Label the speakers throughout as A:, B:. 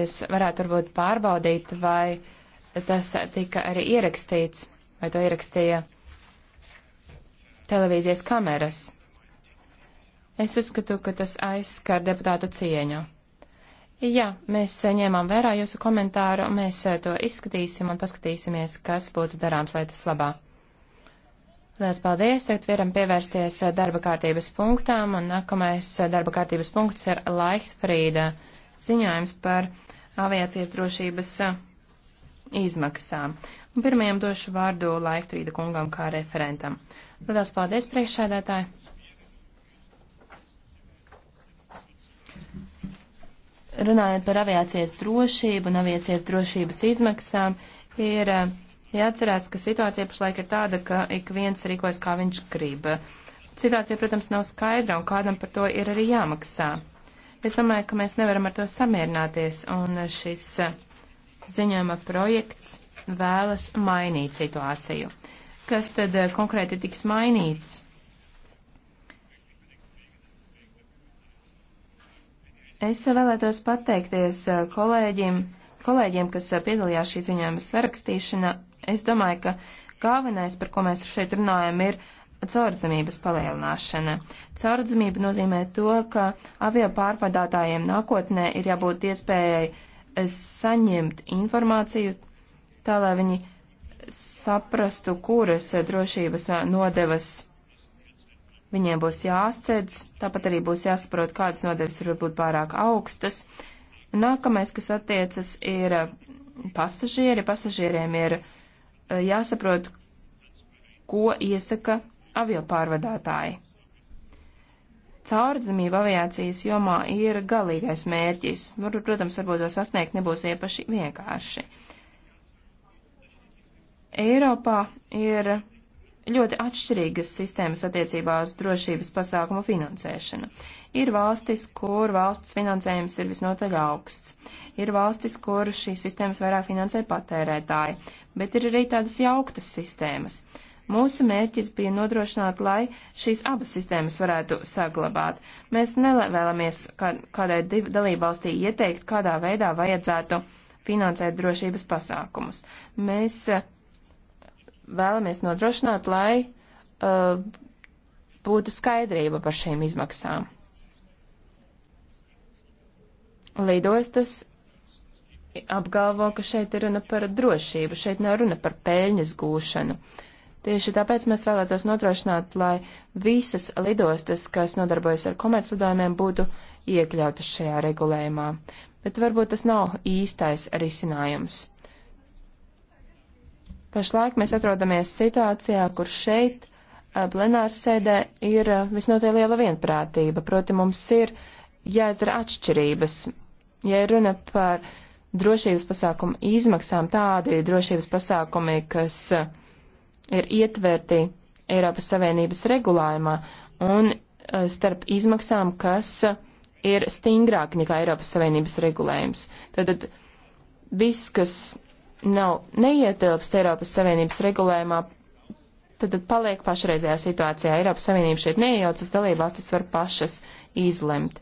A: Jūs varētu varbūt pārbaudīt, vai tas tika arī ierakstīts, vai to ierakstīja televīzijas kameras. Es uzskatu, ka tas aizskar deputātu cieņu. Jā, mēs ņēmām vērā jūsu komentāru, mēs to izskatīsim un paskatīsimies, kas būtu darāms lietas labā. Lielas paldies, tagad varam pievērsties darba kārtības punktām, un nākamais darba kārtības punkts ir Laichtfrīda ziņojums par aviācijas drošības eh, izmaksām. Un pirmajam došu vārdu Laiktrīda kungam kā referentam. Lielas paldies, priekšsēdētāji! Runājot par aviācijas drošību un aviācijas drošības izmaksām, ir eh, jāatcerās, ka situācija pašlaik ir tāda, ka ik viens rīkojas, kā viņš grib. Situācija, protams, nav skaidra un kādam par to ir arī jāmaksā. Es domāju, ka mēs nevaram ar to samierināties, un šis eh, ziņojuma projekts vēlas mainīt situāciju. Kas tad eh, konkrēti tiks mainīts? Es vēlētos pateikties eh, kolēģiem, kolēģiem kas piedalījās šī ziņojuma sarakstīšanā. Es domāju, ka galvenais, par ko mēs šeit runājam, ir uh, caurdzamības palielināšana. Caurdzamība nozīmē to, ka avio pārvadātājiem nākotnē ir jābūt iespējai eh, saņemt informāciju, tā lai viņi saprastu, kuras eh, drošības eh, nodevas viņiem būs jāscedz, tāpat arī būs jāsaprot, kādas nodevas var būt pārāk augstas. Nākamais, kas attiecas, ir pasažieri. Pasažieriem ir jāsaprot, ko iesaka aviopārvadātāji. Caurdzamība aviācijas jomā ir galīgais mērķis. Protams, varbūt to sasniegt nebūs iepaši vienkārši. Eiropā ir ļoti atšķirīgas sistēmas attiecībā uz drošības pasākumu finansēšanu. Ir valstis, kur valsts finansējums ir visnotaļ augsts. Ir valstis, kur šīs sistēmas vairāk finansē patērētāji, bet ir arī tādas jauktas sistēmas. Uh, Mūsu mērķis bija nodrošināt, lai šīs abas sistēmas varētu saglabāt. Mēs nevēlamies kādai dalībvalstī ieteikt, kādā veidā vajadzētu finansēt drošības pasākumus. Mēs eh, vēlamies nodrošināt, lai uh, būtu skaidrība par šīm izmaksām. Lidostas apgalvo, ka šeit ir runa par drošību, šeit nav runa par peļņas gūšanu. Tieši tāpēc mēs vēlētos nodrošināt, lai visas lidostas, kas nodarbojas ar komerclidojumiem, būtu iekļautas šajā regulējumā. Bet varbūt tas nav īstais risinājums. Pašlaik mēs atrodamies situācijā, kur šeit plenāra sēdē ir visnotaļ liela vienprātība. Proti mums ir jāizdara atšķirības. Ja runa par drošības pasākumu izmaksām, tādi drošības pasākumi, kas uh, ir ietverti Eiropas Savienības regulējumā un eh, starp izmaksām, kas ir stingrāk nekā Eiropas Savienības regulējums. Tātad viss, kas nav neietilpst Eiropas Savienības regulējumā, tad paliek pašreizējā situācijā. Eiropas Savienība šeit neiejaucas, dalībvalstis var pašas izlemt.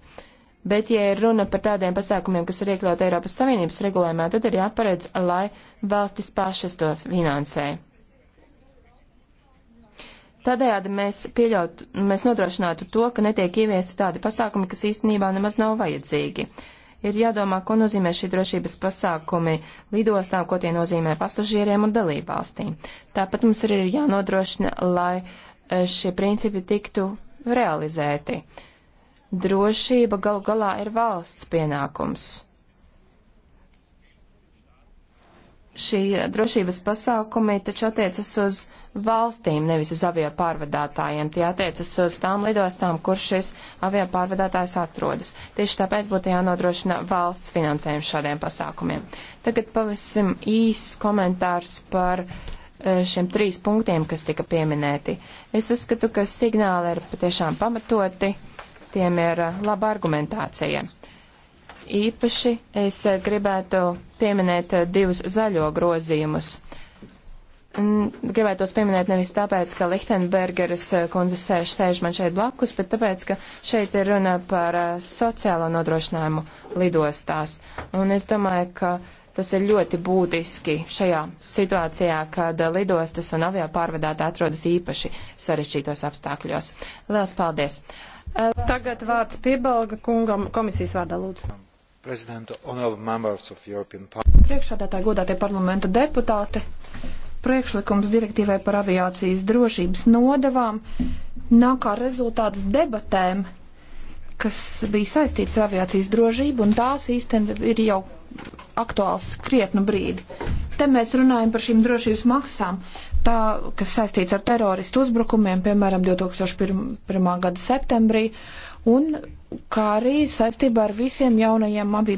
A: Bet, ja ir runa par tādiem pasākumiem, kas ir iekļauti Eiropas Savienības regulējumā, tad ir jāparedz, lai valstis pašas to finansē. Tādējādi mēs, pieļaut, mēs nodrošinātu to, ka netiek ieviesti tādi pasākumi, kas īstenībā nemaz nav vajadzīgi. Ir jādomā, ko nozīmē šī drošības pasākumi lidostām, ko tie nozīmē pasažieriem un dalībvalstīm. Tāpat mums arī ir jānodrošina, lai e, šie principi tiktu realizēti. Drošība galu galā ir valsts pienākums. Šie drošības pasākumi taču attiecas uz valstīm, nevis uz avio pārvadātājiem. Tie attiecas uz tām lidostām, kur šis avio pārvadātājs atrodas. Tieši tāpēc būtu jānodrošina valsts finansējums šādiem pasākumiem. Tagad pavisam īss komentārs par e, šiem trīs punktiem, kas tika pieminēti. Es uzskatu, ka signāli ir patiešām pamatoti, tiem ir e, laba argumentācija. Uh, īpaši es gribētu pieminēt divus zaļo grozījumus. Gribētu tos pieminēt nevis tāpēc, ka Lichtenbergeras kundze sēž, sēž man šeit blakus, bet tāpēc, ka šeit ir runa par eh, sociālo nodrošinājumu lidostās. Un es domāju, ka tas ir ļoti būtiski šajā situācijā, kad lidostas un avio pārvadātāji atrodas īpaši sarežģītos apstākļos. Lielas paldies!
B: Tagad vārds Piebalga kungam komisijas vārdā lūdzu. Priekšsādātāji, godātie parlamenta deputāti, priekšlikums direktīvai par aviācijas drošības nodevām nāk kā rezultāts debatēm, kas bija saistīts ar aviācijas drošību, un tās īstenībā ir jau aktuāls krietnu brīdi. Te mēs runājam par šīm drošības maksām, tā, kas saistīts ar teroristu uzbrukumiem, piemēram, 2001. gada septembrī, un kā arī saistībā ar visiem jaunajiem avi,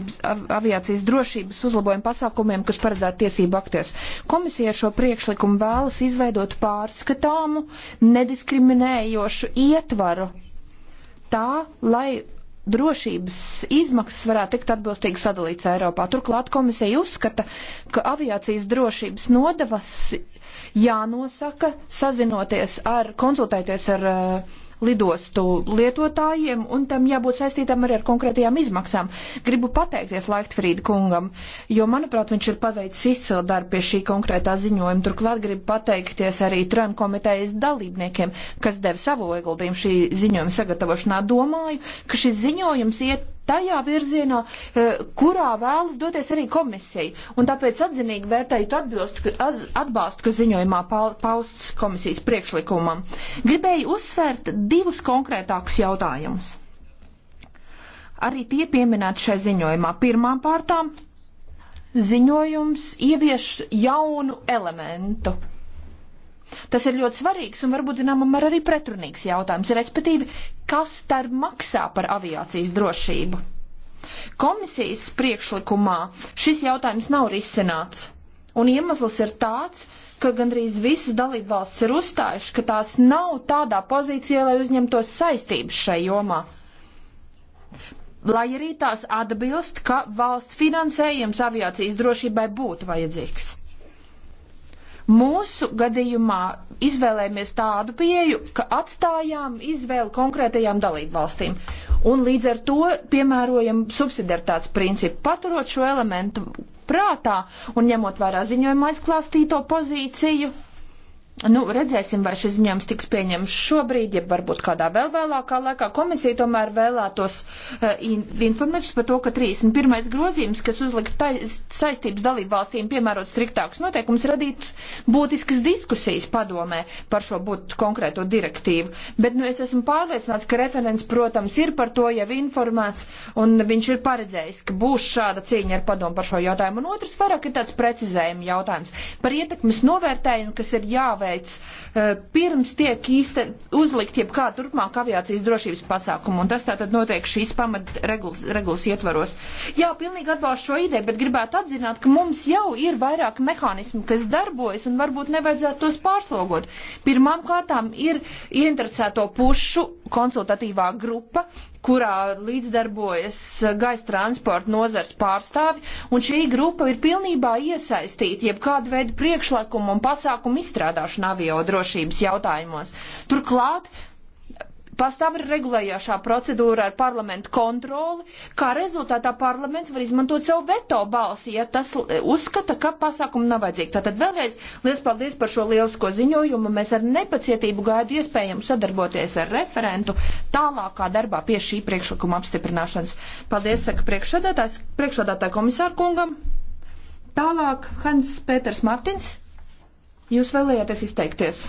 B: aviācijas drošības uzlabojumu pasākumiem, kas paredzēti tiesību akties. Komisija šo priekšlikumu vēlas izveidot pārskatāmu, nediskriminējošu ietvaru tā, lai drošības izmaksas varētu tikt atbilstīgi sadalīts Eiropā. Turklāt komisija uzskata, ka aviācijas drošības nodevas jānosaka, sazinoties ar, konsultēties ar uh, lidostu lietotājiem, un tam jābūt saistītam arī ar konkrētajām izmaksām. Gribu pateikties Laichtfrīda kungam, jo, manuprāt, viņš ir paveicis izcilu darbu pie šī konkrētā ziņojuma. Turklāt gribu pateikties arī Tran komitejas dalībniekiem, kas deva savu ieguldījumu šī ziņojuma sagatavošanā. Domāju, ka šis ziņojums iet tajā virzienā, eh, kurā vēlas doties arī komisija. Un tāpēc atzinīgi vērtēju atbilstu, atbalstu, kas ziņojumā pausts komisijas priekšlikumam. Gribēju uzsvērt divus konkrētākus jautājumus. Arī tie pieminēti šai ziņojumā. Pirmām pārtām ziņojums ievieš jaunu elementu Tas ir ļoti svarīgs un varbūt, zināmam, arī pretrunīgs jautājums, respektīvi, kas tad maksā par aviācijas drošību. Komisijas priekšlikumā šis jautājums nav risināts, un iemesls ir tāds, ka gandrīz visas dalība valsts ir uzstājuši, ka tās nav tādā pozīcijā, lai uzņemtos saistības šai jomā lai arī tās atbilst, ka valsts finansējums aviācijas drošībai būtu vajadzīgs. Mūsu gadījumā izvēlējāmies tādu pieju, ka atstājām izvēli konkrētajām dalībvalstīm. Un līdz ar to piemērojam subsidiaritātes principu, paturot šo elementu prātā un ņemot vērā ziņojumā izklāstīto pozīciju Nu, redzēsim, vai šis ziņojums tiks pieņemts šobrīd, ja varbūt kādā vēl vēlākā laikā. Komisija tomēr vēlētos uh, eh, informēt par to, ka 31. grozījums, kas uzlikt saistības dalību valstīm piemērot striktākus noteikumus, radīts būtiskas diskusijas padomē par šo būt konkrēto direktīvu. Bet, nu, es esmu pārliecināts, ka referents, protams, ir par to jau informēts, un viņš ir paredzējis, ka būs šāda cīņa ar padomu par šo jautājumu. Un otrs vairāk ir tāds precizējuma jautājums par ietekmes novērtējumu, kas ir jāvēl jāveic eh, pirms tiek īsta uzlikt jebkāda turpmāk aviācijas drošības pasākuma, un tas tātad notiek šīs pamat regulas, regulas ietvaros. Jā, pilnīgi atbalstu šo ideju, bet gribētu atzināt, ka mums jau ir vairāk mehānismu, kas darbojas, un varbūt nevajadzētu tos pārslogot. Pirmām kārtām ir ieinteresēto pušu konsultatīvā grupa, kurā līdzdarbojas gaisa transporta nozars pārstāvi, un šī grupa ir pilnībā iesaistīta jebkāda veida priekšlikumu un pasākumu izstrādāšanā avio drošības jautājumos. Turklāt pastāv ir regulējošā procedūra ar parlamentu kontroli, kā rezultātā parlaments var izmantot savu veto balsi, ja tas uzskata, ka pasākumu nav vajadzīgi. Tātad vēlreiz liels paldies par šo lielisko ziņojumu. Mēs ar nepacietību gaidu iespējamu sadarboties ar referentu tālākā darbā pie šī priekšlikuma apstiprināšanas. Paldies, saka priekšsādātājs, priekšsādātāja komisāra kungam. Tālāk Hans Pēters Martins, jūs vēlējāties izteikties.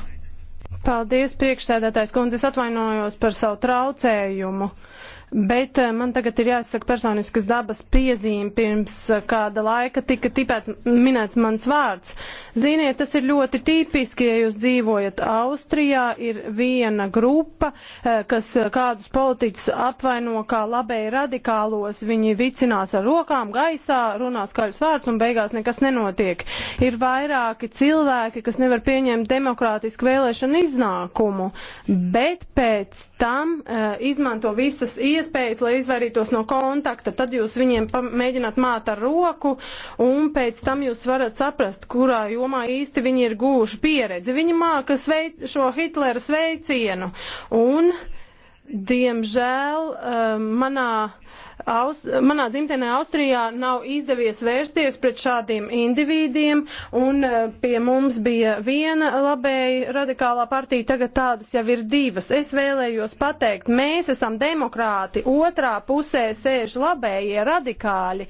C: Paldies, priekšsēdētājs kundze, es atvainojos par savu traucējumu. Bet eh, man tagad ir jāsaka personiskas dabas piezīme pirms eh, kāda laika tika tipēts, minēts mans vārds. Ziniet, tas ir ļoti tipiski, ja jūs dzīvojat Austrijā, ir viena grupa, eh, kas kādus politiķus apvaino kā labēji radikālos, viņi vicinās ar rokām gaisā, runā skaļus vārdus un beigās nekas nenotiek. Ir vairāki cilvēki, kas nevar pieņemt demokrātisku vēlēšanu iznākumu, bet pēc tam uh, izmanto visas iespējas iespējas, lai izvairītos no kontakta. Tad jūs viņiem mēģināt māt ar roku, un pēc tam jūs varat saprast, kurā jomā īsti viņi ir gūši pieredzi. Viņi māka sveic, šo Hitlera sveicienu, un, diemžēl, uh, manā Aus, manā dzimtenē Austrijā nav izdevies vērsties pret šādiem individiem, un eh, pie mums bija viena labēja radikālā partija, tagad tādas jau ir divas. Es vēlējos pateikt, mēs esam demokrāti, otrā pusē sēž labējie radikāļi,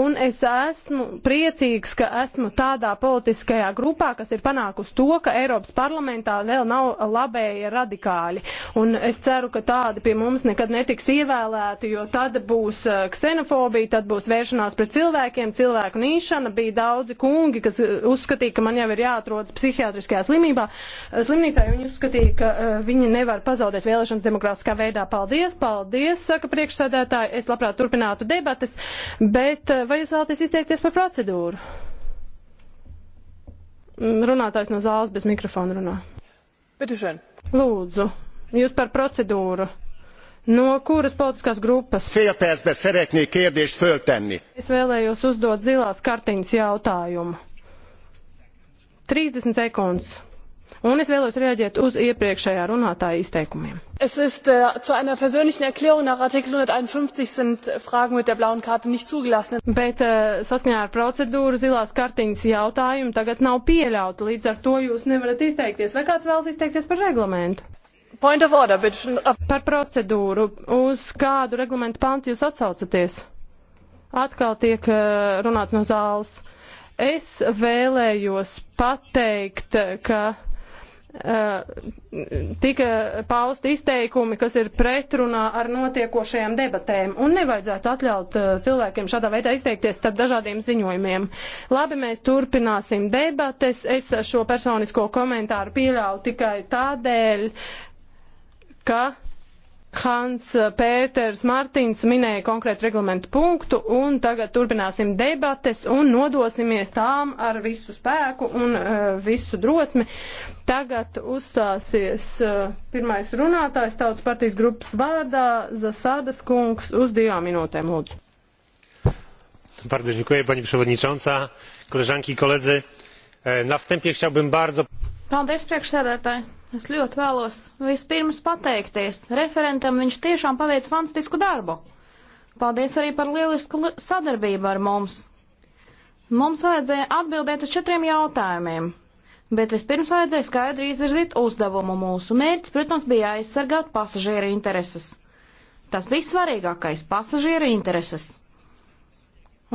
C: un es esmu priecīgs, ka esmu tādā politiskajā grupā, kas ir panākusi to, ka Eiropas parlamentā vēl nav labējie radikāļi, un es ceru, ka tādi pie mums nekad netiks ievēlēti, jo tad būs būs eh, ksenofobija, tad būs vēršanās pret cilvēkiem, cilvēku nīšana. Bija daudzi kungi, kas eh, uzskatīja, ka man jau ir jāatrodas psihiatriskajā slimībā, eh, slimnīcā, jo viņi uzskatīja, ka viņi nevar pazaudēt vēlēšanas demokrātiskā veidā. Paldies, paldies, saka priekšsēdētāji. Es labprāt turpinātu debates, bet vai jūs vēlaties izteikties par procedūru? Mm, runātājs no zāles bez mikrofona runā. Bitte schön. Lūdzu, jūs par procedūru. No kuras politiskās grupas? Félpercben szeretnék kérdést föltenni. Es vēlējos uzdot zilās kartiņas jautājumu. 30 sekundes. Un es vēlos reaģēt uz iepriekšējā runātāja izteikumiem. Es ist äh, zu einer persönlichen Erklärung nach Artikel 151 sind Fragen mit der blauen Karte nicht zugelassen. Bet äh, saskaņā ar procedūru zilās kartiņas jautājumu tagad nav pieļauti, līdz ar to jūs nevarat izteikties. Vai kāds vēlas izteikties par reglamentu? Order, but... Par procedūru. Uz kādu reglamentu pantu jūs atsaucaties? Atkal tiek eh, runāts no zāles. Es vēlējos pateikt, ka eh, tika pausti izteikumi, kas ir pretrunā ar notiekošajām debatēm, un nevajadzētu atļaut eh, cilvēkiem šādā veidā izteikties starp dažādiem ziņojumiem. Labi, mēs turpināsim debates. Es šo personisko komentāru pieļauju tikai tādēļ, ka Hans Pēters Martins minēja konkrētu reglamentu punktu, un tagad turpināsim debates un nodosimies tām ar visu spēku un uh, visu drosmi. Tagad uzstāsies uh, pirmais runātājs Tautas partijas grupas vārdā Zasādas kungs uz divām minūtēm, lūdzu. Bardzo dziękuję pani przewodnicząca, koleżanki i koledzy. E, na wstępie chciałbym bardzo. Paldies,
D: priekšsēdētāji. Es ļoti vēlos vispirms pateikties referentam, viņš tiešām paveic fantastisku darbu. Paldies arī par lielisku sadarbību ar mums. Mums vajadzēja atbildēt uz četriem jautājumiem, bet vispirms vajadzēja skaidri izvirzīt uzdevumu. Mūsu mērķis, protams, bija aizsargāt pasažieru intereses. Tas bija svarīgākais - pasažieru intereses.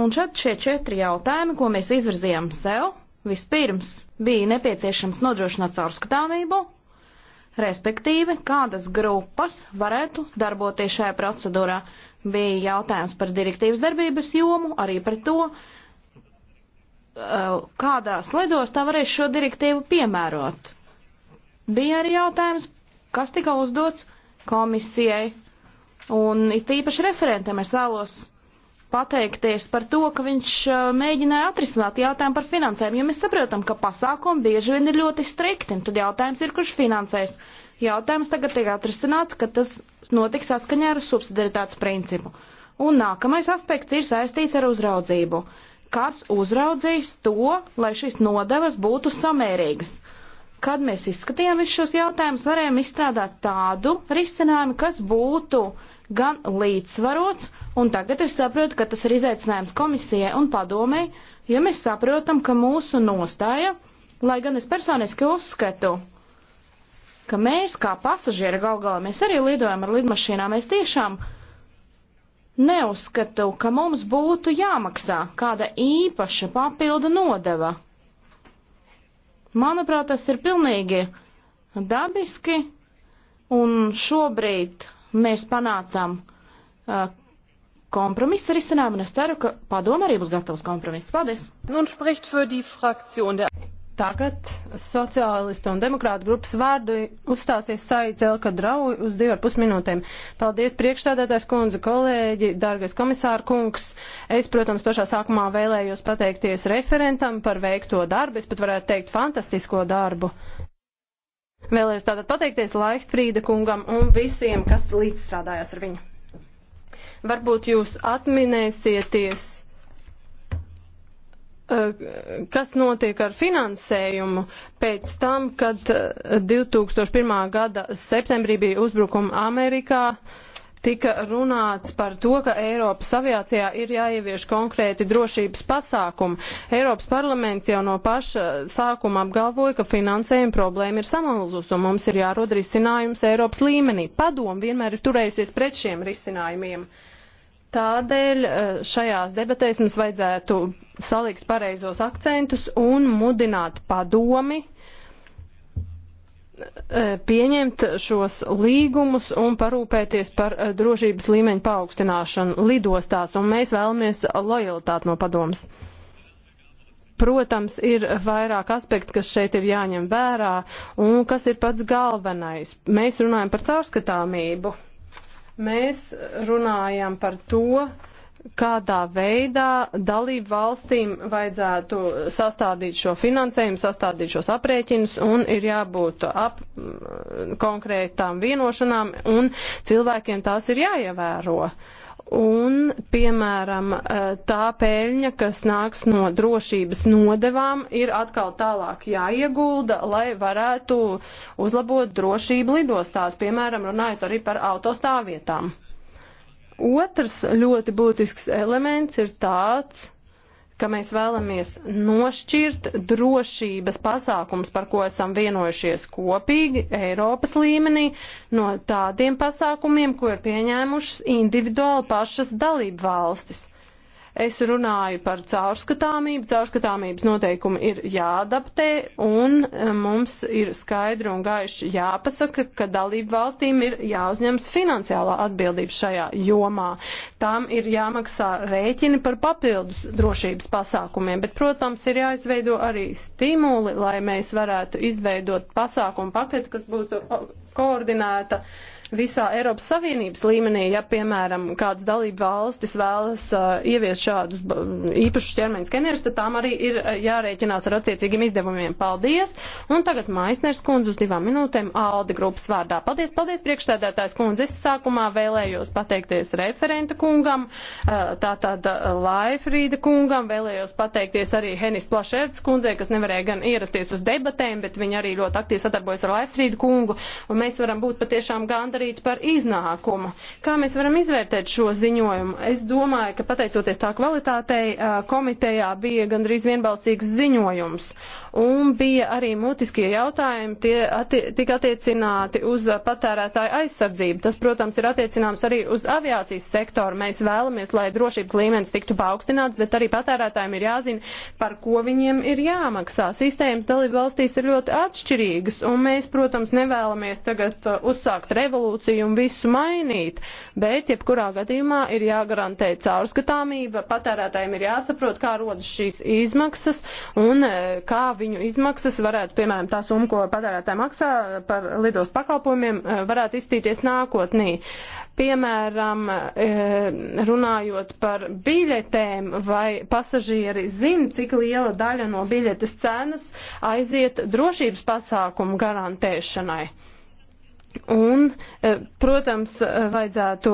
D: Un šeit šie četri jautājumi, ko mēs izvirzījām sev, vispirms bija nepieciešams nodrošināt caurskatāmību, respektīvi, kādas grupas varētu darboties šajā procedūrā. Bija jautājums par direktīvas darbības jomu, arī par to, eh, kādās lidostā varēs šo direktīvu piemērot. Bija arī jautājums, kas tika uzdots komisijai, un it īpaši referentiem es vēlos pateikties par to, ka viņš uh, mēģināja atrisināt jautājumu par finansējumu, jo mēs saprotam, ka pasākumi bieži vien ir ļoti strikti, un tad jautājums ir, kurš finansēs. Jautājums tagad tiek atrisināts, ka tas notiks saskaņā ar subsidiaritātes principu. Un nākamais aspekts ir saistīts ar uzraudzību. Kas uzraudzīs to, lai šīs nodevas būtu samērīgas? Kad mēs izskatījām visus šos jautājumus, varējām izstrādāt tādu risinājumu, kas būtu gan līdzsvarots, Un tagad es saprotu, ka tas ir izaicinājums komisijai un padomei, ja mēs saprotam, ka mūsu nostāja, lai gan es personiski uzskatu, ka mēs kā pasažieri gal galā mēs arī lidojam ar lidmašīnām, mēs tiešām neuzskatu, ka mums būtu jāmaksā kāda īpaša papildu nodeva. Manuprāt, tas ir pilnīgi dabiski, un šobrīd mēs panācām uh, kompromisa risinājumu, un es ceru, ka padoma arī būs gatavs kompromisu.
C: Paldies! Tagad sociālistu un demokrātu grupas vārdu uzstāsies Saits Elka Drauj uz divu ar pus minūtēm. Paldies priekšsēdētājs kundze, kolēģi, dārgais komisāra kungs. Es, protams, pašā sākumā vēlējos pateikties referentam par veikto darbu, es pat varētu teikt fantastisko darbu. Vēlējos tātad pateikties Laihtfrīda kungam un visiem, kas līdzstrādājās ar viņu. Varbūt jūs atminēsieties, eh, kas notiek ar finansējumu pēc tam, kad 2001. Eh, gada septembrī bija uzbrukumi Amerikā tika runāts par to, ka Eiropas aviācijā ir jāievieš konkrēti drošības pasākumi. Eiropas parlaments jau no paša sākuma apgalvoja, ka finansējuma problēma ir samalazus un mums ir jārod risinājums Eiropas līmenī. Padom vienmēr ir turējusies pret šiem risinājumiem. Tādēļ eh, šajās debatēs mums vajadzētu salikt pareizos akcentus un mudināt padomi E, pieņemt šos līgumus un parūpēties par e, drošības līmeņu paaugstināšanu lidostās, un mēs vēlamies lojalitāti no padomas. Protams, ir vairāk aspekti, kas šeit ir jāņem vērā, un kas ir pats galvenais. Mēs runājam par caurskatāmību. Mēs runājam par to, uh, kādā veidā dalību valstīm vajadzētu sastādīt šo finansējumu, sastādīt šos aprēķinus un ir jābūt ap konkrētām vienošanām un cilvēkiem tās ir jāievēro. Un, piemēram, e, tā peļņa, kas nāks no drošības nodevām, ir atkal tālāk jāiegulda, lai varētu uzlabot drošību lidostās, piemēram, runājot arī par autostāvvietām. Otrs ļoti būtisks elements ir tāds, ka mēs vēlamies nošķirt drošības pasākums, par ko esam vienojušies kopīgi Eiropas līmenī, no tādiem pasākumiem, ko ir pieņēmušas individuāli pašas dalību valstis. Es runāju par caurskatāmību. Caurskatāmības noteikumi ir jāadaptē un eh, mums ir skaidri un gaiši jāpasaka, ka dalību valstīm ir jāuzņems finansiālā atbildība šajā jomā. Tām ir jāmaksā rēķini par papildus drošības pasākumiem, bet, protams, ir jāizveido arī stimuli, lai mēs varētu izveidot pasākumu paketi, kas būtu koordinēta uh, visā Eiropas Savienības līmenī, ja, piemēram, kādas dalība valstis vēlas uh, ieviest šādus īpašus ķermeņa skenerus, tad tām arī ir uh, jārēķinās ar attiecīgiem izdevumiem. Paldies! Un tagad Maisners kundze uz divām minūtēm Aldi grupas vārdā. Paldies, paldies, priekšstādātājs kundze. Es sākumā vēlējos pateikties referenta kungam, uh, tātad uh, Laifrīda kungam, vēlējos pateikties arī Henis Plašērts kundzei, kas nevarēja gan ierasties uz debatēm, bet viņa arī ļoti aktīvi sadarbojas ar Laifrīdu kungu, un mēs varam būt patiešām gandarīti padarīt par iznākumu. Kā mēs varam izvērtēt šo ziņojumu? Es domāju, ka pateicoties tā kvalitātei, komitejā bija gandrīz vienbalsīgs ziņojums un bija arī mutiskie jautājumi, tie atti tika attiecināti uz uh, patērētāju aizsardzību. Tas, protams, ir attiecināms arī uz aviācijas sektoru. Mēs vēlamies, lai drošības līmenis tiktu paaugstināts, bet arī patērētājiem ir jāzina, par ko viņiem ir jāmaksā. Sistēmas dalību valstīs ir ļoti atšķirīgas, un mēs, protams, nevēlamies tagad uh, uzsākt revolūciju un visu mainīt, bet jebkurā gadījumā ir jāgarantē caurskatāmība, patērētājiem ir jāsaprot, kā rodas šīs izmaksas un uh, kā viņi viņu izmaksas varētu, piemēram, tā summa, ko patērētāji maksā par lidos pakalpojumiem, eh, varētu izstīties nākotnī. Piemēram, eh, runājot par biļetēm, vai pasažieri zina, cik liela daļa no biļetes cenas aiziet drošības pasākumu garantēšanai. Un, eh, protams, vajadzētu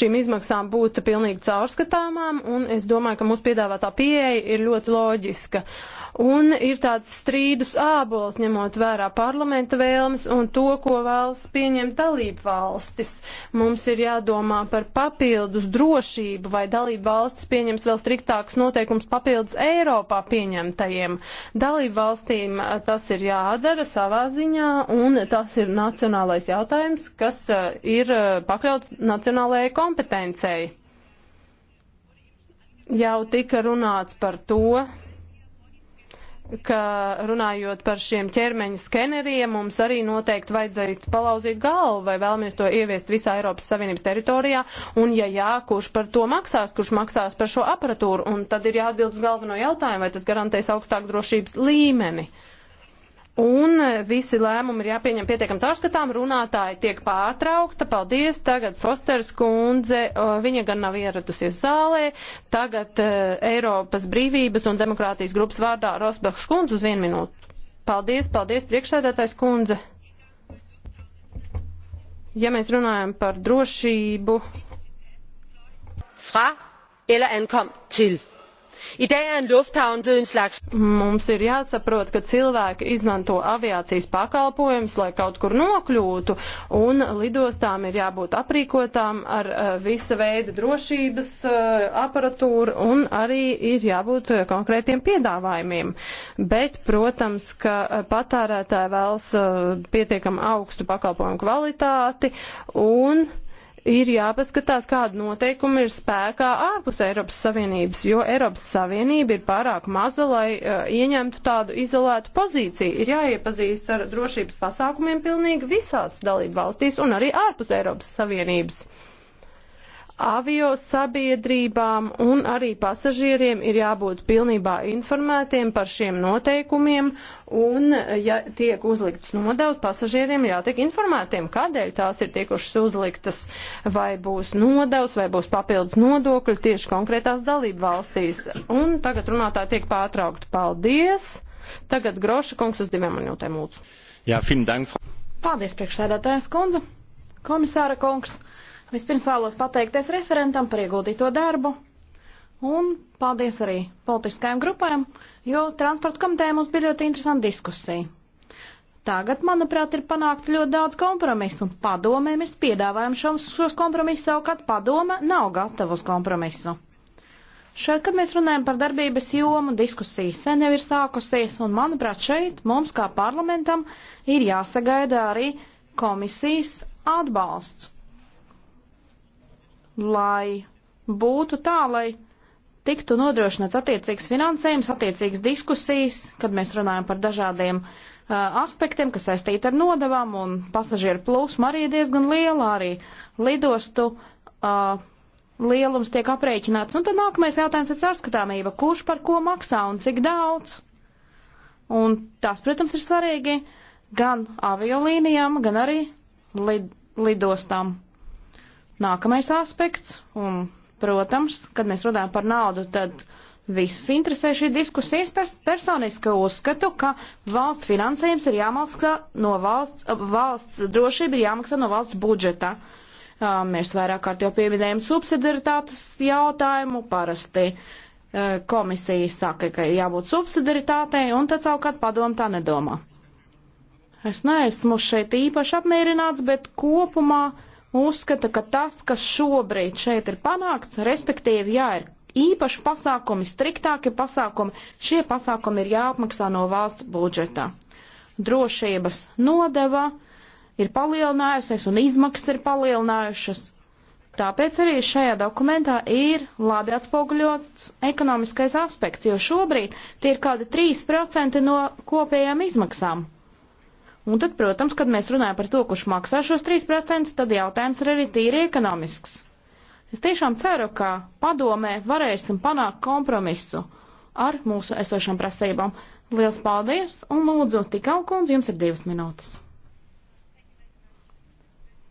C: šīm izmaksām būt pilnīgi caurskatāmām, un es domāju, ka mūsu piedāvātā pieeja ir ļoti loģiska. Uh, un ir tāds strīdus ābols, ņemot vērā parlamenta vēlmes un to, ko vēlas pieņemt dalību valstis. Mums ir jādomā par papildus drošību, vai dalību valstis pieņems vēl striktākus noteikumus papildus Eiropā pieņemtajiem. Dalību valstīm tas ir jādara savā ziņā, un tas ir nacionālais jautājums, kas ir pakļauts nacionālajai kompetencei. Jau tika runāts par to, ka runājot par šiem ķermeņa skeneriem, mums arī noteikti vajadzētu palauzīt galvu, vai vēlamies to ieviest visā Eiropas Savienības teritorijā, un ja jā, kurš par to maksās, kurš maksās par šo aparatūru, un tad ir jāatbild uz galveno jautājumu, vai tas garantēs augstāku drošības līmeni. Uh, Un eh, visi lēmumi ir jāpieņem pietiekami caurskatām, runātāji tiek pārtraukta. Paldies, tagad Fosters kundze, viņa gan nav ieradusies zālē. Tagad uh, Eiropas brīvības un demokrātijas grupas vārdā Rosbachs kundze uz vienu minūtu. Paldies, paldies, priekšsēdētājs kundze. Ja mēs runājam par drošību. Fra eller ankom til I dag er en lufthavn blevet en slags... Mums ir jāsaprot, ka cilvēki izmanto aviācijas pakalpojumus, lai kaut kur nokļūtu, un lidostām ir jābūt aprīkotām ar eh, visa veida drošības eh, aparatūru, un arī ir jābūt eh, konkrētiem piedāvājumiem. Bet, protams, ka patārētāji vēlas pietiekam augstu pakalpojumu kvalitāti, un ir jāpaskatās, kāda noteikuma ir spēkā ārpus Eiropas Savienības, jo Eiropas Savienība ir pārāk maza, lai uh, ieņemtu tādu izolētu pozīciju. Ir jāiepazīst ar drošības pasākumiem pilnīgi visās dalību valstīs un arī ārpus Eiropas Savienības. Uh, avio sabiedrībām un arī pasažieriem ir jābūt pilnībā informētiem par šiem noteikumiem un, ja tiek uzliktas nodevas, pasažieriem jātiek informētiem, kādēļ tās ir tiekušas uzliktas, vai būs nodevas, vai būs papildus nodokļi tieši konkrētās dalību valstīs. Un tagad runātāji tiek pārtraukti. Paldies! Tagad Groša kungs uz divām minūtēm lūdzu.
D: Jā, fin dank.
C: Paldies, priekšsēdētājas kundze, komisāra kungs. Vispirms vēlos
D: pateikties referentam par ieguldīto darbu. Un paldies arī politiskajām grupām, jo transporta komitē mums bija ļoti interesanta diskusija. Tagad, manuprāt, ir panākt ļoti daudz kompromisu, un padomē mēs piedāvājam šos, šos kompromisus, savukārt padome nav gatava uz kompromisu. Šeit, kad mēs runājam par darbības jomu, diskusija sen jau ir sākusies, un, manuprāt, šeit mums kā parlamentam ir jāsagaida arī komisijas atbalsts lai būtu tā, lai tiktu nodrošināts attiecīgs finansējums, attiecīgas diskusijas, kad mēs runājam par dažādiem uh, aspektiem, kas saistīti ar nodevām, un pasažieru plūsma arī ir diezgan liela, arī lidostu uh, lielums tiek aprēķināts. Un tad nākamais jautājums ir caurskatāmība, kurš par ko maksā un cik daudz. Un tas, protams, ir svarīgi gan aviolīnijām, gan arī lid lidostām. Nākamais aspekts, un, protams, kad mēs runājam par naudu, tad visus interesē šī diskusija. Es pers personiski uzskatu, ka valsts finansējums ir jāmaksā no valsts, valsts drošība ir jāmaksā no valsts budžeta. Mēs vairāk kārt jau pieminējam subsidiaritātes jautājumu parasti. Komisija saka, ka ir jābūt subsidiaritātei, un tad savukārt padomu tā nedomā. Es neesmu šeit īpaši apmierināts, bet kopumā uh, uzskata, ka tas, kas šobrīd šeit ir panākts, respektīvi, jā, ir īpaši pasākumi, striktāki pasākumi, šie pasākumi ir jāapmaksā no valsts budžeta. Drošības nodeva ir palielinājusies un izmaksas ir palielinājušas. Tāpēc arī šajā dokumentā ir labi atspoguļots ekonomiskais aspekts, jo šobrīd tie ir kādi 3% no kopējām izmaksām. Un tad, protams, kad mēs runājam par to, kurš maksā šos 3%, tad jautājums ir arī tīri ekonomisks. Es tiešām ceru, ka padomē varēsim panākt kompromisu ar mūsu esošām prasībām. Liels paldies un lūdzu, tikau kundze, jums ir divas minūtes.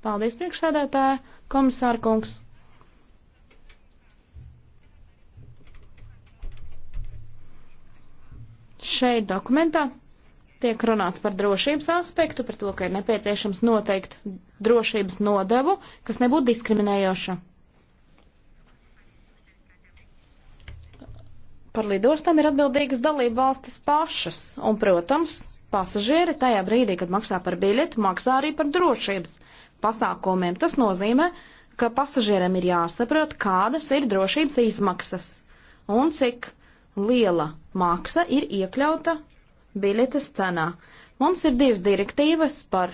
D: Paldies, priekšsēdētāja, komisāra kungs. Šeit dokumentā Tiek runāts par drošības aspektu, par to, ka ir nepieciešams noteikt drošības nodevu, kas nebūtu diskriminējoša. Par lidostām ir atbildīgas dalība valstis pašas, un, protams, pasažieri tajā brīdī, kad maksā par biļeti, maksā arī par drošības pasākumiem. Tas nozīmē, ka pasažieram ir jāsaprot, kādas ir drošības izmaksas un cik liela maksa ir iekļauta biļetes cenā. Mums ir divas direktīvas par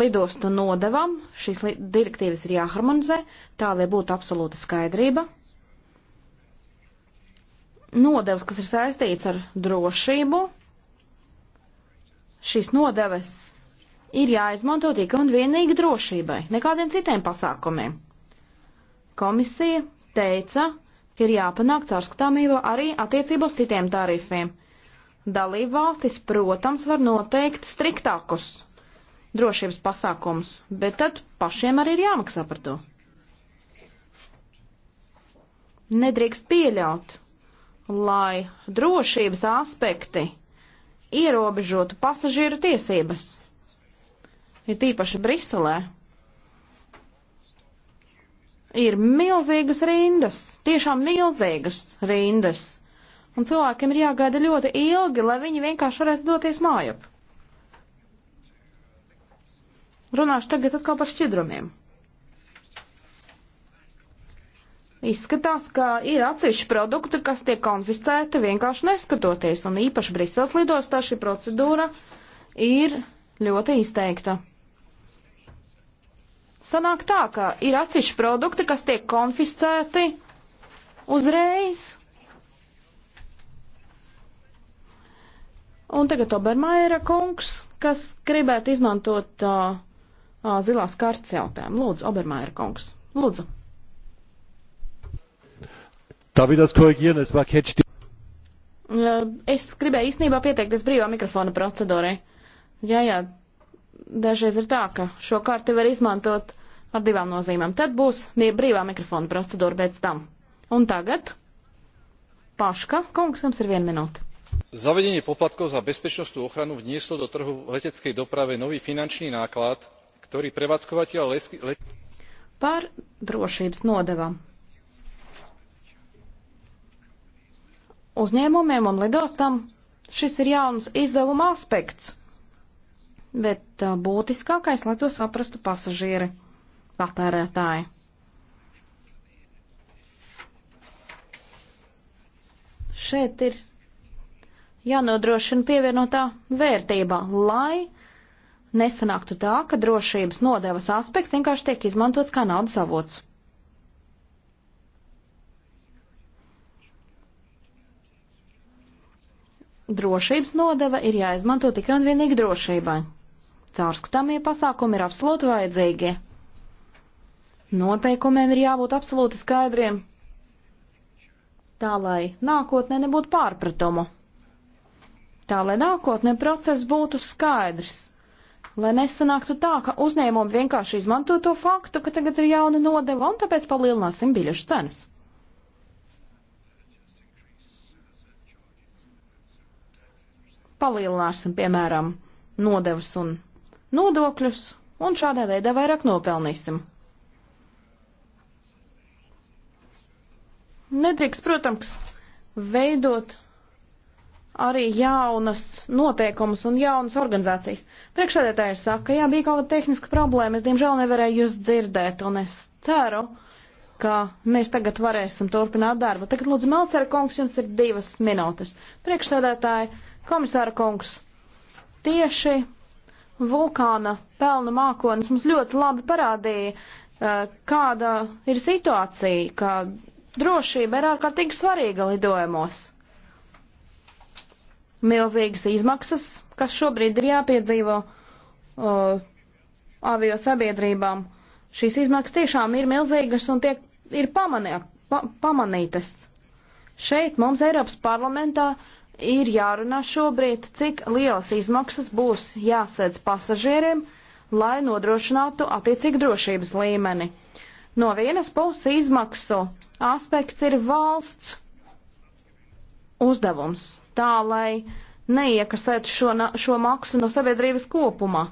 D: lidostu nodevam. Šīs li direktīvas ir jāharmonizē, tā lai būtu absolūta skaidrība. Nodevs, kas ir saistīts ar drošību, šīs nodeves ir jāizmanto tikai un vienīgi drošībai, nekādiem citiem pasākumiem. Komisija teica, ka ir jāpanāk caurskatāmība arī attiecībos citiem tarifiem. Dalībvalstis, protams, var noteikt striktākus drošības pasākumus, bet tad pašiem arī ir jāmaksā par to. Nedrīkst pieļaut, lai drošības aspekti ierobežotu pasažieru tiesības, ir ja tīpaši Briselē. Ir milzīgas rindas, tiešām milzīgas rindas un cilvēkiem ir jāgaida ļoti ilgi, lai viņi vienkārši varētu doties mājup. Runāšu tagad atkal par šķidrumiem. Izskatās, ka ir atsevišķi produkti, kas tiek konfiscēti vienkārši neskatoties, un īpaši Briseles lidostā šī procedūra ir ļoti izteikta. Sanāk tā, ka ir atsevišķi produkti, kas tiek konfiscēti uzreiz, Un tagad Obermaira kungs, kas gribētu izmantot uh, uh, zilās kartas jautājumu. Lūdzu, Obermaira kungs. Lūdzu. Tā bija tas, ko Jēna es vēl kečti. Es gribēju īstenībā pieteikties brīvā mikrofona procedūrai. Jā, jā, dažreiz ir tā, ka šo karti var izmantot ar divām nozīmēm. Tad būs brīvā mikrofona procedūra pēc tam. Un tagad paška kungs jums ir viena minūte zavedenie poplatkov za bezpečnostnú ochranu vnieslo do trhu v leteckej doprave nový finančný náklad ktorý prevádzkovatelia par drošības nodevām. Uzņēmumiem un lidostām šis ir jauns izdevuma aspekts, bet būtiskākais, lai to saprastu pasažieri, patērētāji. Šeit ir jānodrošina pievienotā vērtībā, lai nesanāktu tā, ka drošības nodevas aspekts vienkārši tiek izmantots kā naudas avots. Drošības nodeva ir jāizmanto tikai un vienīgi drošībai. Cārskatāmie pasākumi ir absolūti vajadzīgi. Noteikumiem ir jābūt absolūti skaidriem, tā lai nākotnē nebūtu pārpratumu tā lai nākotnē process būtu skaidrs. Lai nesanāktu tā, ka uzņēmumi vienkārši izmanto to faktu, ka tagad ir jauna nodeva un tāpēc palielināsim biļešu cenas. Palielināsim, piemēram, nodevas un nodokļus, un šādā veidā vairāk nopelnīsim. Nedrīkst, protams, veidot arī jaunas noteikumus un jaunas organizācijas. Priekšsēdētājs saka, ka jā, bija kaut kāda tehniska problēma, es diemžēl nevarēju jūs dzirdēt, un es ceru, ka mēs tagad varēsim turpināt darbu. Tagad, lūdzu, Melcera kungs, jums ir divas minūtes. Priekšsēdētāji, komisāra kungs, tieši vulkāna pelnu mākonis mums ļoti labi parādīja, eh, kāda ir situācija, ka drošība ir ārkārtīgi svarīga lidojumos milzīgas izmaksas, kas šobrīd ir jāpiedzīvo uh, avio sabiedrībām. Šīs izmaksas tiešām ir milzīgas un tiek ir pamanīt, pa, pamanītas. Šeit mums Eiropas parlamentā ir jārunā šobrīd, cik lielas izmaksas būs jāsēdz pasažieriem, lai nodrošinātu attiecīgu drošības līmeni. No vienas puses izmaksu aspekts ir valsts uzdevums, tā lai neiekasētu šo, šo maksu no sabiedrības kopumā.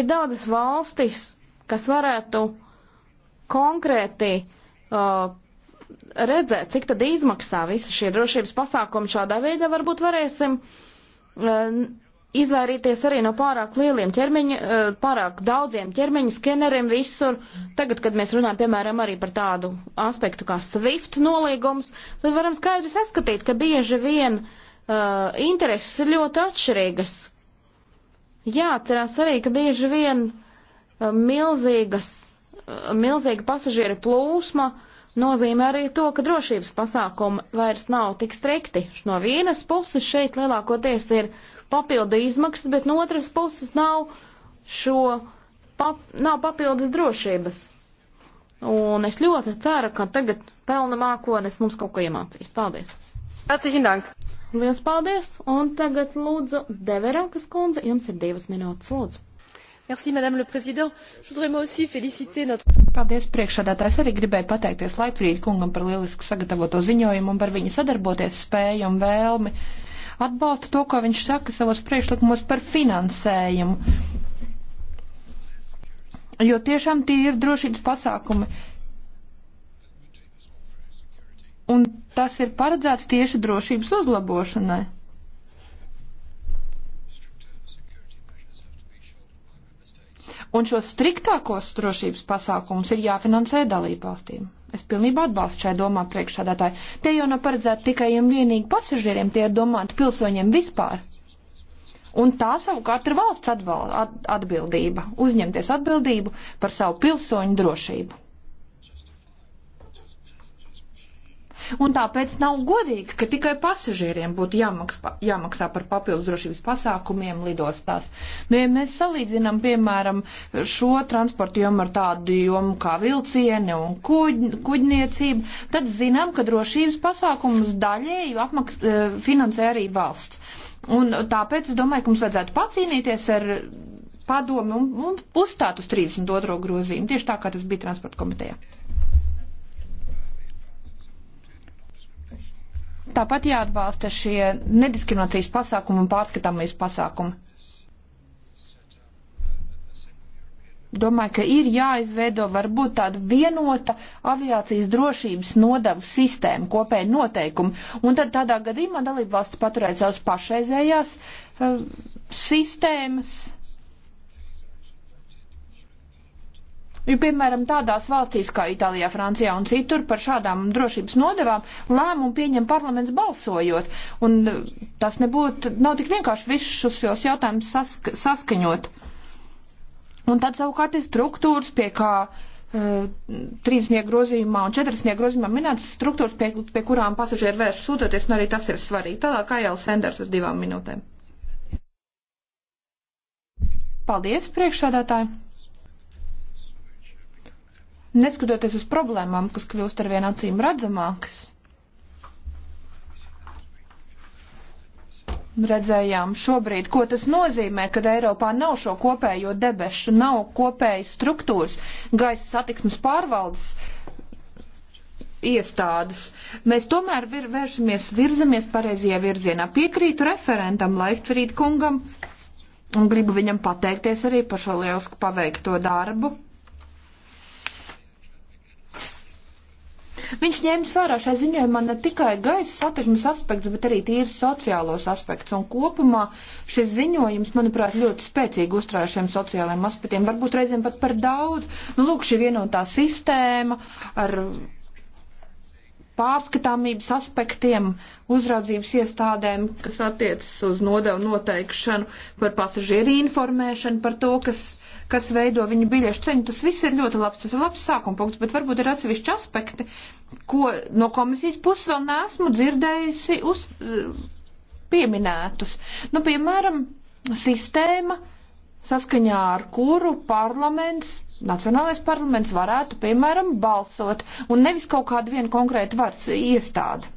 D: Ir daudzas valstis, kas varētu konkrēti uh, redzēt, cik tad izmaksā visi šie drošības pasākumi šādā veidā varbūt varēsim uh, izvairīties arī no pārāk lieliem ķermeņa, eh, pārāk daudziem ķermeņa skeneriem visur. Tagad, kad mēs runājam, piemēram, arī par tādu aspektu kā SWIFT nolīgums, tad varam skaidri saskatīt, ka bieži vien uh, intereses ir ļoti atšķirīgas. Jāatcerās arī, ka bieži vien uh, milzīgas, uh, milzīga pasažieru plūsma nozīmē arī to, ka drošības pasākumi vairs nav tik strikti. No vienas puses šeit lielākoties ir uh, papildu izmaksas, bet no otras puses nav šo, pap, nav papildus drošības. Un es ļoti ceru, ka tagad pelna mākonis mums kaut ko iemācīs. Paldies! Atsiņ, dank! Liels paldies! Un tagad lūdzu Deverākas kundze, jums ir divas minūtes, lūdzu!
B: Merci, Madame le Président. Je voudrais moi aussi féliciter notre. Paldies, priekšādātājs. Arī gribēju pateikties Laitfrīd kungam par lielisku sagatavoto ziņojumu un par viņa sadarboties spēju un vēlmi atbalstu to, ko viņš saka savos priekšlikumos par finansējumu. Jo tiešām tie ir drošības pasākumi. Un tas ir paredzēts tieši drošības uzlabošanai. Un šos striktākos drošības pasākumus ir jāfinansē dalībvalstīm. Es pilnībā atbalstu šai domā priekšsādātāju. Tie jau nav paredzēti tikai un vienīgi pasažieriem, tie ir domāti pilsoņiem vispār. Un tā savukārt ir valsts atbal, at, atbildība, uzņemties atbildību par savu pilsoņu drošību. un tāpēc nav godīgi, ka tikai pasažieriem būtu jāmaksā, jāmaksā par papildus drošības pasākumiem lidostās. Nu, ja mēs salīdzinām, piemēram, šo transportu jomu ar tādu jomu kā vilcieni un kuģ, kuģniecību, tad zinām, ka drošības pasākumus daļēji apmaks, e, finansē arī valsts. Un tāpēc es domāju, ka mums vajadzētu pacīnīties ar padomi un, un uzstāt uz 32. grozījumu, tieši tā kā tas bija transporta komitejā. Tāpat jāatbalsta šie nediskriminācijas pasākumi un pārskatāmības pasākumi. Domāju, ka ir jāizveido varbūt tāda vienota aviācijas drošības nodavu sistēma, kopēja noteikumi, un tad tādā gadījumā dalību valsts paturēt savas pašreizējās uh, sistēmas Jo, piemēram, tādās valstīs kā Itālijā, Francijā un citur par šādām drošības nodevām lēmumu pieņem parlaments balsojot. Un e, tas nebūtu, nav tik vienkārši visus šos jautājumus sask saskaņot. Un tad savukārt ir struktūras, pie kā e, trīsnieku grozījumā un četrasnieku grozījumā minētas struktūras, pie, pie kurām pasažieri vērš sūtoties, un arī tas ir svarīgi. Tālāk kā jau Sanders uz divām minūtēm. Paldies, priekšsādātāji! neskatoties uz problēmām, kas kļūst ar vien acīm redzamākas, redzējām šobrīd, ko tas nozīmē, kad Eiropā nav šo kopējo debešu, nav kopējas struktūras, gaisa satiksmes pārvaldes iestādes. Mēs tomēr vir, vēršamies, virzamies pareizajā virzienā. Piekrītu referentam Laiktfrīd kungam un gribu viņam pateikties arī par šo lielisku paveikto darbu. Viņš ņēmis vērā šai ziņojumā ne tikai gaisa satikmes aspekts, bet arī tīri sociālos aspekts. Un kopumā šis ziņojums, manuprāt, ļoti spēcīgi uzstrāja šiem sociālajiem aspektiem, varbūt reizēm pat par daudz. Nu, lūk, šī vienotā sistēma ar pārskatāmības aspektiem, uzraudzības iestādēm, kas attiecas uz nodevu noteikšanu, par pasažieru informēšanu, par to, kas kas veido viņu biļešu cenu. Tas viss ir ļoti labs, tas ir labs sākumpunkts, bet varbūt ir atsevišķi aspekti, ko no komisijas puses vēl neesmu dzirdējusi uz, pieminētus. Nu, piemēram, sistēma, saskaņā ar kuru parlaments Nacionālais parlaments varētu, piemēram, balsot un nevis kaut kādu vienu konkrētu varas iestādi.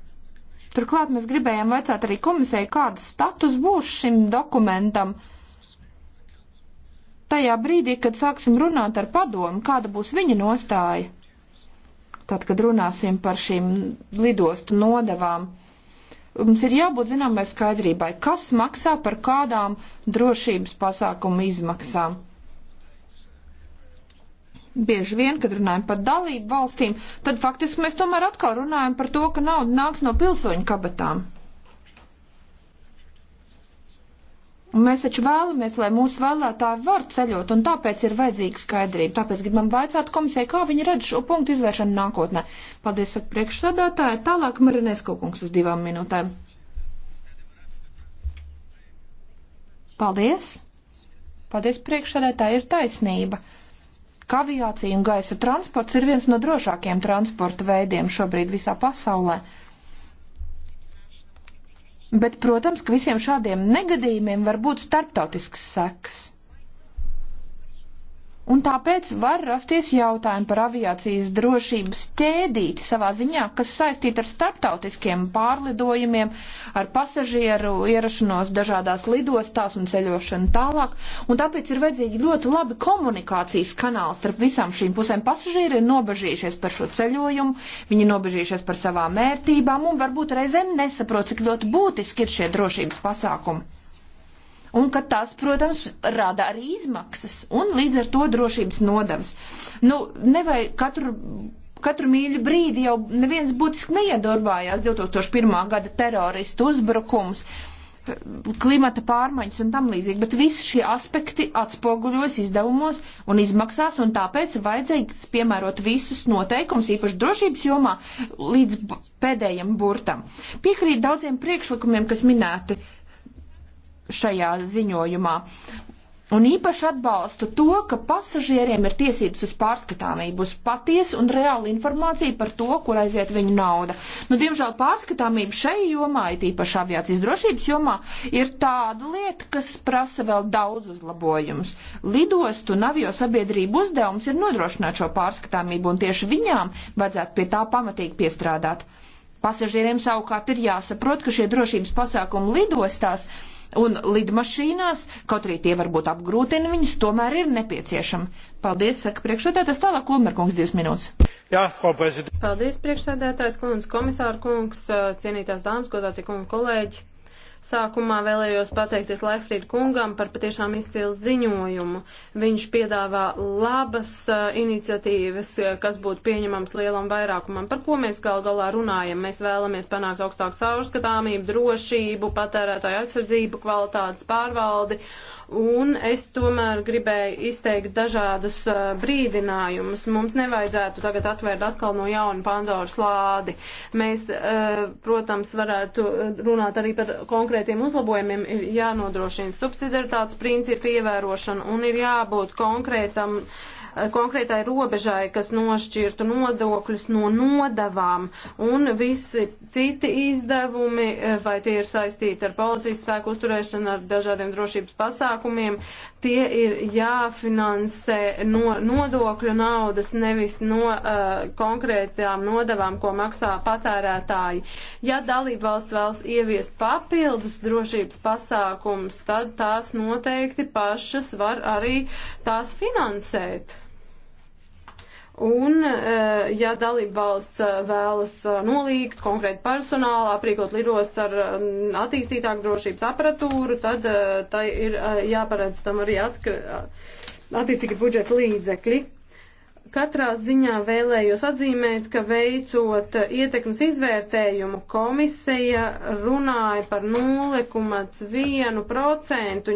B: Turklāt mēs gribējām vaicāt arī komisēju, kāds status būs šim dokumentam. Uh, tajā brīdī, kad sāksim runāt ar padomu, kāda būs viņa nostāja, tad, kad runāsim par šīm lidostu nodevām, mums ir jābūt zināmai skaidrībai, kas maksā par kādām drošības pasākumu izmaksām. Bieži vien, kad runājam par dalību valstīm, tad faktiski mēs tomēr atkal runājam par to, ka nauda nāks no pilsoņu kabatām. Un mēs taču vēlamies, lai mūsu vēlētāji var ceļot, un tāpēc ir vajadzīga skaidrība. Tāpēc gribam vaicāt komisijai, kā viņi redz šo punktu izvēršanu nākotnē. Paldies, saka priekšsādātāja. Tālāk Marinesko kungs uz divām minūtēm. Paldies! Paldies, priekšsādātāji, ir taisnība ka aviācija un gaisa transports ir viens no drošākajiem transporta veidiem šobrīd visā pasaulē. Bet, protams, ka visiem šādiem negadījumiem var būt starptautisks sekas. Un tāpēc var rasties jautājumi par aviācijas drošības ķēdīti savā ziņā, kas saistīta ar starptautiskiem pārlidojumiem, ar pasažieru ierašanos dažādās lidostās un ceļošanu tālāk. Un tāpēc ir vajadzīgi ļoti labi komunikācijas kanāls starp visām šīm pusēm. Pasažieri ir nobežījušies par šo ceļojumu, viņi nobežījušies par savām mērtībām un varbūt reizēm nesaprot, cik ļoti būtiski ir šie drošības pasākumi un ka tas, protams, rada arī izmaksas un līdz ar to drošības nodevas. Nu, nevajag katru katru mīļu brīdi jau neviens būtiski neiedorbājās 2001. gada teroristu uzbrukums, klimata pārmaiņas un tam līdzīgi, bet visi šie aspekti atspoguļos izdevumos un izmaksās, un tāpēc vajadzēja piemērot visus noteikums, īpaši drošības jomā, līdz pēdējiem burtam. Piekrīt daudziem priekšlikumiem, kas minēti šajā ziņojumā. Un īpaši atbalstu to, ka pasažieriem ir tiesības uz pārskatāmību, uz patiesu un reālu informāciju par to, kur aiziet viņu nauda. Nu, diemžēl pārskatāmība šai jomā, it īpaši aviācijas drošības jomā, ir tāda lieta, kas prasa vēl daudz uzlabojumus. Lidostu un avio sabiedrību uzdevums ir nodrošināt šo pārskatāmību, un tieši viņām vajadzētu pie tā pamatīgi piestrādāt. Pasažieriem savukārt ir jāsaprot, ka šie drošības pasākumi lidostās Un lidmašīnās, kaut arī tie varbūt apgrūtina viņus, tomēr ir nepieciešami. Paldies, saka priekšsēdētājs. Tālāk, Kulmerkungs, divas minūtes.
A: Jā, Frau Prezident.
C: Paldies, priekšsēdētājs, kundze, komisāra kungs, cienītās dāmas, godātie kungi, kolēģi. Sākumā vēlējos pateikties Leifrīd kungam par patiešām izcilu ziņojumu. Viņš piedāvā labas uh, iniciatīvas, kas būtu pieņemams lielam vairākumam. Par ko mēs gal galā runājam? Mēs vēlamies panākt augstāku caurskatāmību, drošību, patērētāju aizsardzību, kvalitātes pārvaldi un es tomēr gribēju izteikt dažādus uh, brīdinājumus. Mums nevajadzētu tagad atvērt atkal no jauna Pandoras lādi. Mēs, uh, protams, varētu runāt arī par konkrētu konkrētiem uzlabojumiem ir jānodrošina subsidiaritātes principu ievērošana un ir jābūt konkrētam uh, konkrētai robežai, kas nošķirtu nodokļus no nodavām, un visi citi izdevumi, eh, vai tie ir saistīti ar policijas spēku uzturēšanu, ar dažādiem drošības pasākumiem, tie ir jāfinansē no nodokļu naudas, nevis no uh, konkrētām nodavām, ko maksā patērētāji. Ja dalība valsts vēlas ieviest papildus drošības pasākums, tad tās noteikti pašas var arī tās finansēt. Un, eh, ja dalībvalsts eh, vēlas eh, nolīgt konkrēti personāli, aprīkot lidosts ar mm, attīstītāku drošības aparatūru, tad tai ir jāparedz tam arī atkri, attiecīgi budžeta līdzekļi. Katrā ziņā vēlējos atzīmēt, ka veicot ietekmes izvērtējumu komisija runāja par 0,1%,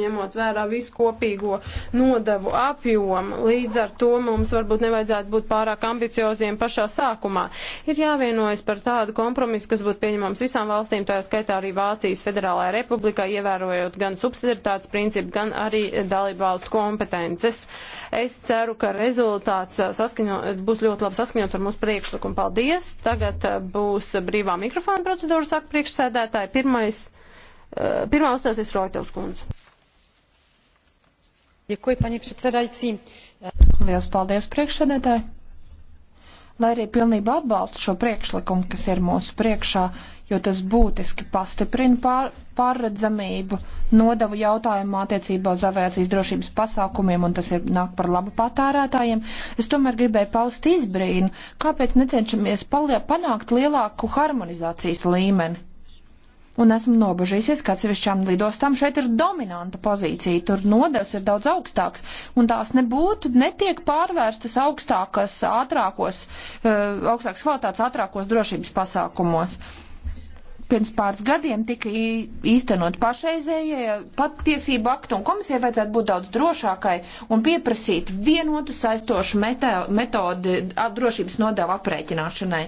C: ņemot vērā visu kopīgo nodevu apjomu. Līdz ar to mums varbūt nevajadzētu būt pārāk ambicioziem pašā sākumā. Ir jāvienojas par tādu kompromisu, kas būtu pieņemams visām valstīm, tā skaitā arī Vācijas Federālajā republikā, ievērojot gan subsidiaritātes principu, gan arī dalību valstu kompetences. Es ceru, ka rezultāts sasniegts saskaņo, būs ļoti labi saskaņots ar mūsu priekšlikumu. Paldies! Tagad uh, būs brīvā mikrofona procedūra, saka priekšsēdētāji. Pirmais, uh,
B: pirmā uzstāsies Roitovs kundze. Děkuji, paní předsedající. Lielas paldies, priekšsēdētāji. Lai arī pilnībā atbalstu šo priekšlikumu, kas ir mūsu priekšā, jo tas būtiski pastiprina pār, pārredzamību nodevu jautājumā attiecībā uz aviācijas drošības pasākumiem, un tas ir nāk par labu patērētājiem. Es tomēr gribēju paust izbrīnu, kāpēc necenšamies panākt lielāku harmonizācijas līmeni. Un esmu nobežīsies, ka atsevišķām lidostām šeit ir dominanta pozīcija, tur nodevs ir daudz augstāks, un tās nebūtu, netiek pārvērstas augstākas, ātrākos, eh, augstākas kvalitātes ātrākos drošības pasākumos pirms pāris gadiem tika īstenot pašreizējie patiesību aktu, un komisijai vajadzētu būt daudz drošākai un pieprasīt vienotu saistošu metodi drošības nodevu aprēķināšanai.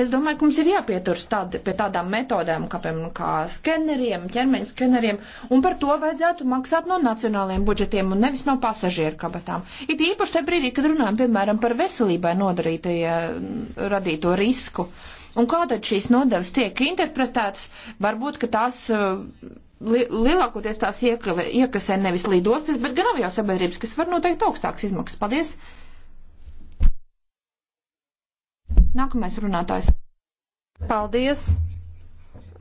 B: Es domāju, ka mums ir jāpieturas tād, pie tādām metodēm, kā, piemēram, kā skeneriem, ķermeņa skeneriem, un par to vajadzētu maksāt no nacionālajiem budžetiem un nevis no pasažieru kabatām. It īpaši te brīdī, kad runājam, piemēram, par veselībai nodarītajā radīto risku. Uh, Un kā tad šīs nodevas tiek interpretētas? Varbūt, ka tās eh, li lielākoties tās iekavē, iekasē nevis lidostas, bet gan avio sabiedrības, kas var noteikt augstākas izmaksas. Paldies! Nākamais
C: runātājs. Paldies!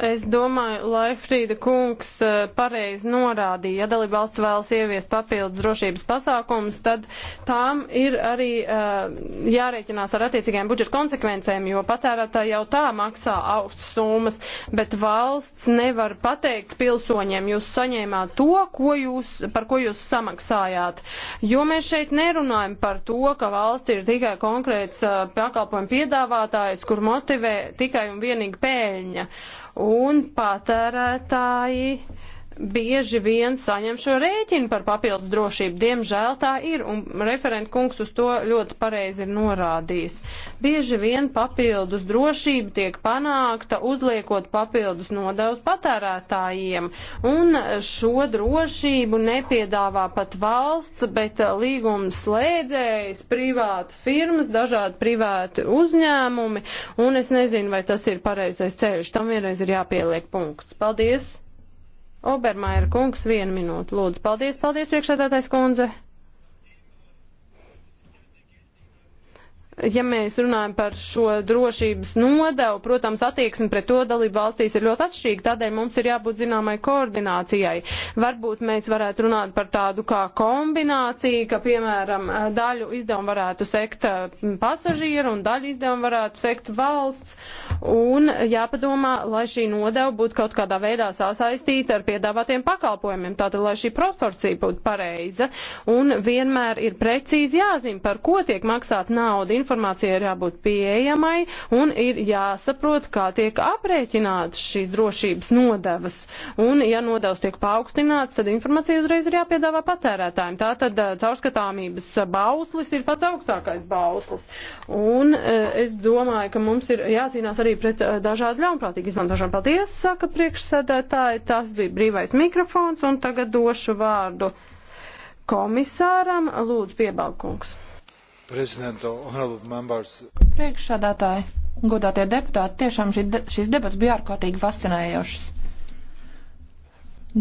C: es domāju, Laifrīda kungs eh, pareizi norādīja, ja dalībvalsts vēlas ieviest papildus drošības pasākumus, tad tām ir arī uh, jārēķinās ar attiecīgajām budžeta konsekvencēm, jo patērētāji jau tā maksā augstas summas, bet valsts nevar pateikt pilsoņiem, jūs saņēmāt to, ko jūs, par ko jūs samaksājāt. Jo mēs šeit nerunājam par to, ka valsts ir tikai konkrēts uh, pakalpojumu piedāvātājs, kur motivē tikai un vienīgi pēļņa un patērētāji uh, bieži vien saņem šo rēķinu par papildus drošību. Diemžēl tā ir, un referenta kungs uz to ļoti pareizi ir norādījis. Bieži vien papildus drošība tiek panākta, uzliekot papildus nodevus patērētājiem, un šo drošību nepiedāvā pat valsts, bet līguma slēdzējas, privātas firmas, dažādi privāti uzņēmumi, un es nezinu, vai tas ir pareizais ceļš. Tam vienreiz ir jāpieliek punkts. Paldies! Obermaira kungs, vienu minūtu, lūdzu. Paldies, paldies, priekšsēdētājs kundze. Ja mēs runājam par šo drošības nodevu, protams, attieksme pret to dalību valstīs ir ļoti atšķirīga, tādēļ mums ir jābūt zināmai koordinācijai. Varbūt mēs varētu runāt par tādu kā kombināciju, ka, piemēram, daļu izdevumu varētu sekt eh, pasažieru un daļu izdevumu varētu sekt valsts. Uh, un jāpadomā, lai šī nodeva būtu kaut kādā veidā sasaistīta ar piedāvātiem pakalpojumiem, tātad, lai šī proporcija būtu pareiza, un vienmēr ir precīzi jāzina, par ko tiek maksāt nauda, informācija ir jābūt pieejamai, un ir jāsaprot, kā tiek aprēķināts šīs drošības nodevas, un ja nodevas tiek paaugstināts, tad informācija uzreiz ir jāpiedāvā patērētājiem. Tātad eh, caurskatāmības bauslis ir pats augstākais bauslis. Un eh, es domāju, ka mums ir jācīnās arī arī pret dažādu ļaunprātīgu izmantošanu. Paldies, saka priekšsēdētāji, tas bija brīvais mikrofons, un tagad došu vārdu komisāram. Lūdzu,
B: piebalkungs. Priekšsēdētāji, godātie deputāti, tiešām šī, šis debats bija ārkārtīgi fascinējošs.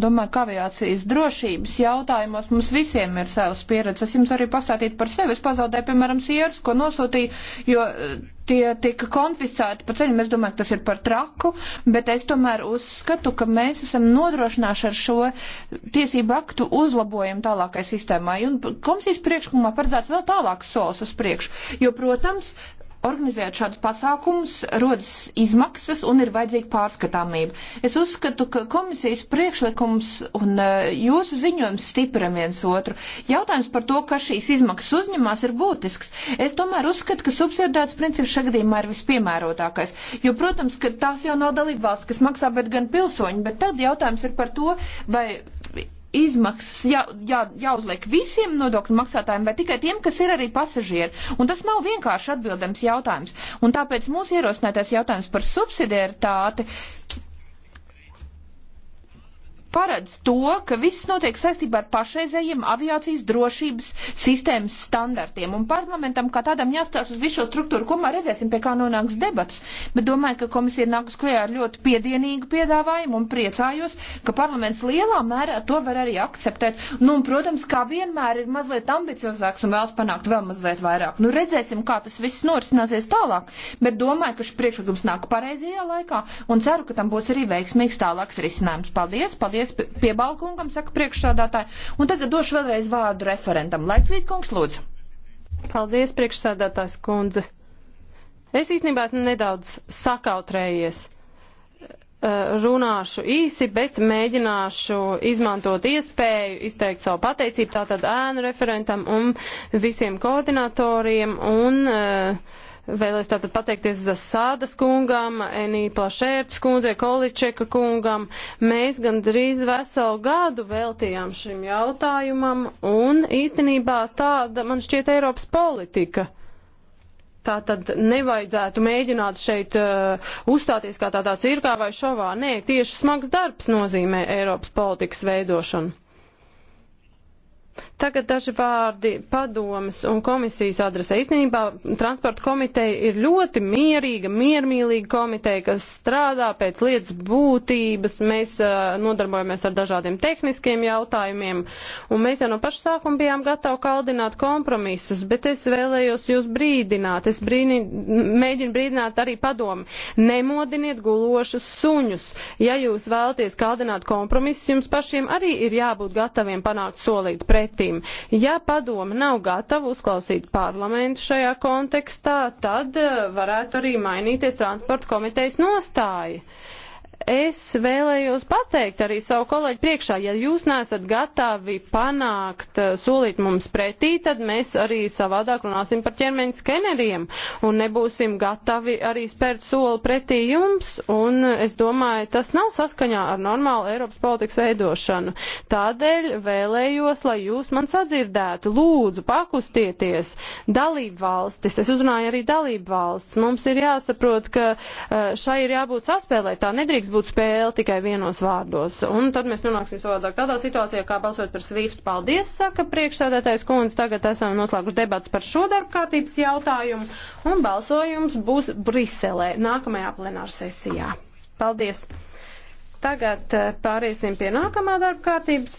B: Domāju, ka aviācijas drošības jautājumos mums visiem ir savas pieredzes. Es jums arī pastāstīju par sevi. Es pazaudēju, piemēram, sierus, ko nosūtīju, jo eh, tie tika konfiscēti pa ceļam. Es domāju, ka tas ir par traku, bet es tomēr uzskatu, ka mēs esam nodrošināši ar šo tiesību aktu uzlabojumu tālākai sistēmai. Un komisijas priekšlikumā paredzēts vēl tālāks solis uz priekšu. Jo, protams, organizējot šādus pasākumus, rodas izmaksas un ir vajadzīga pārskatāmība. Es uzskatu, ka komisijas priekšlikums un e, jūsu ziņojums stipram viens otru. Jautājums par to, ka šīs izmaksas uzņemās, ir būtisks. Es tomēr uzskatu, ka subsidētas princips šajā gadījumā ir vispiemērotākais. Jo, protams, ka tās jau nav dalībvalsts, kas maksā, bet gan pilsoņi. Bet tad jautājums ir par to, vai izmaksas jā, jā, jāuzliek visiem nodokļu maksātājiem, vai tikai tiem, kas ir arī pasažieri. Un tas nav vienkārši atbildams jautājums. Un tāpēc mūsu ierosinātais jautājums par subsidiaritāti paredz to, ka viss notiek saistībā ar pašreizējiem aviācijas drošības sistēmas standartiem. Un parlamentam kā tādam jāstās uz visu šo struktūru, kopumā redzēsim, pie kā nonāks debats. Bet domāju, ka komisija ir nākus klajā ar ļoti piedienīgu piedāvājumu un priecājos, ka parlaments lielā mērā to var arī akceptēt. Nu, un, protams, kā vienmēr ir mazliet ambiciozāks un vēlas panākt vēl mazliet vairāk. Nu, redzēsim, kā tas viss norisināsies tālāk. Bet domāju, ka šis priekšlikums nāk pareizajā laikā un ceru, ka tam būs arī veiksmīgs tālāks risinājums. Paldies! paldies paldies pie balkungam, saka priekšsādātāji. Un tagad došu vēlreiz vārdu referentam. Laikvīt kungs, lūdzu. Paldies, priekšsādātājs kundze. Es īstenībā esmu
C: nedaudz sakautrējies eh, runāšu īsi, bet mēģināšu izmantot iespēju izteikt savu pateicību tātad ēnu referentam un visiem koordinatoriem un uh, Vēlos tātad pateikties Zasādas kungam, Enī Plašērts kundzei, Količeka kungam. Mēs gan drīz veselu gadu veltījām šim jautājumam, un īstenībā tāda man šķiet Eiropas politika. Tā tad nevajadzētu mēģināt šeit uh, uzstāties kā tādā cirkā vai šovā. Nē, tieši smags darbs nozīmē Eiropas politikas veidošanu. Tagad daži vārdi padomas un komisijas adresē. Īstenībā transporta komiteja ir ļoti mierīga, miermīlīga komiteja, kas strādā pēc lietas būtības. Mēs uh, nodarbojamies ar dažādiem tehniskiem jautājumiem, un mēs jau no paša sākuma bijām gatavi kaldināt kompromisus, bet es vēlējos jūs brīdināt. Es brīni, mēģinu brīdināt arī padomu. Nemodiniet gulošus suņus. Ja jūs vēlaties kaldināt kompromisus, jums pašiem arī ir jābūt gataviem panākt solīt pretī valstīm. Ja padoma nav gatava uzklausīt parlamentu šajā kontekstā, tad eh, varētu arī mainīties transporta komitejas nostāja es vēlējos pateikt arī savu kolēģi priekšā, ja jūs nesat gatavi panākt, eh, solīt mums pretī, tad mēs arī savādāk runāsim par ķermeņa skeneriem un nebūsim gatavi arī spērt soli pretī jums. Un es domāju, tas nav saskaņā ar normālu Eiropas politikas veidošanu. Tādēļ vēlējos, lai jūs man sadzirdētu. Lūdzu, pakustieties. Dalību valstis, es uzrunāju arī dalību valsts. Mums ir jāsaprot, ka eh, šai ir jābūt saspēlē. Tā nedrīkst nedrīkst būt spēle tikai vienos vārdos. Un tad mēs nonāksim savādāk tādā situācijā, kā balsot par SWIFT. Paldies, saka priekšsēdētājs kundze. Tagad esam noslēguši debats par šo darbkārtības jautājumu. Un balsojums būs Briselē nākamajā plenāra sesijā. Paldies! Tagad eh, pāriesim pie nākamā darbkārtības.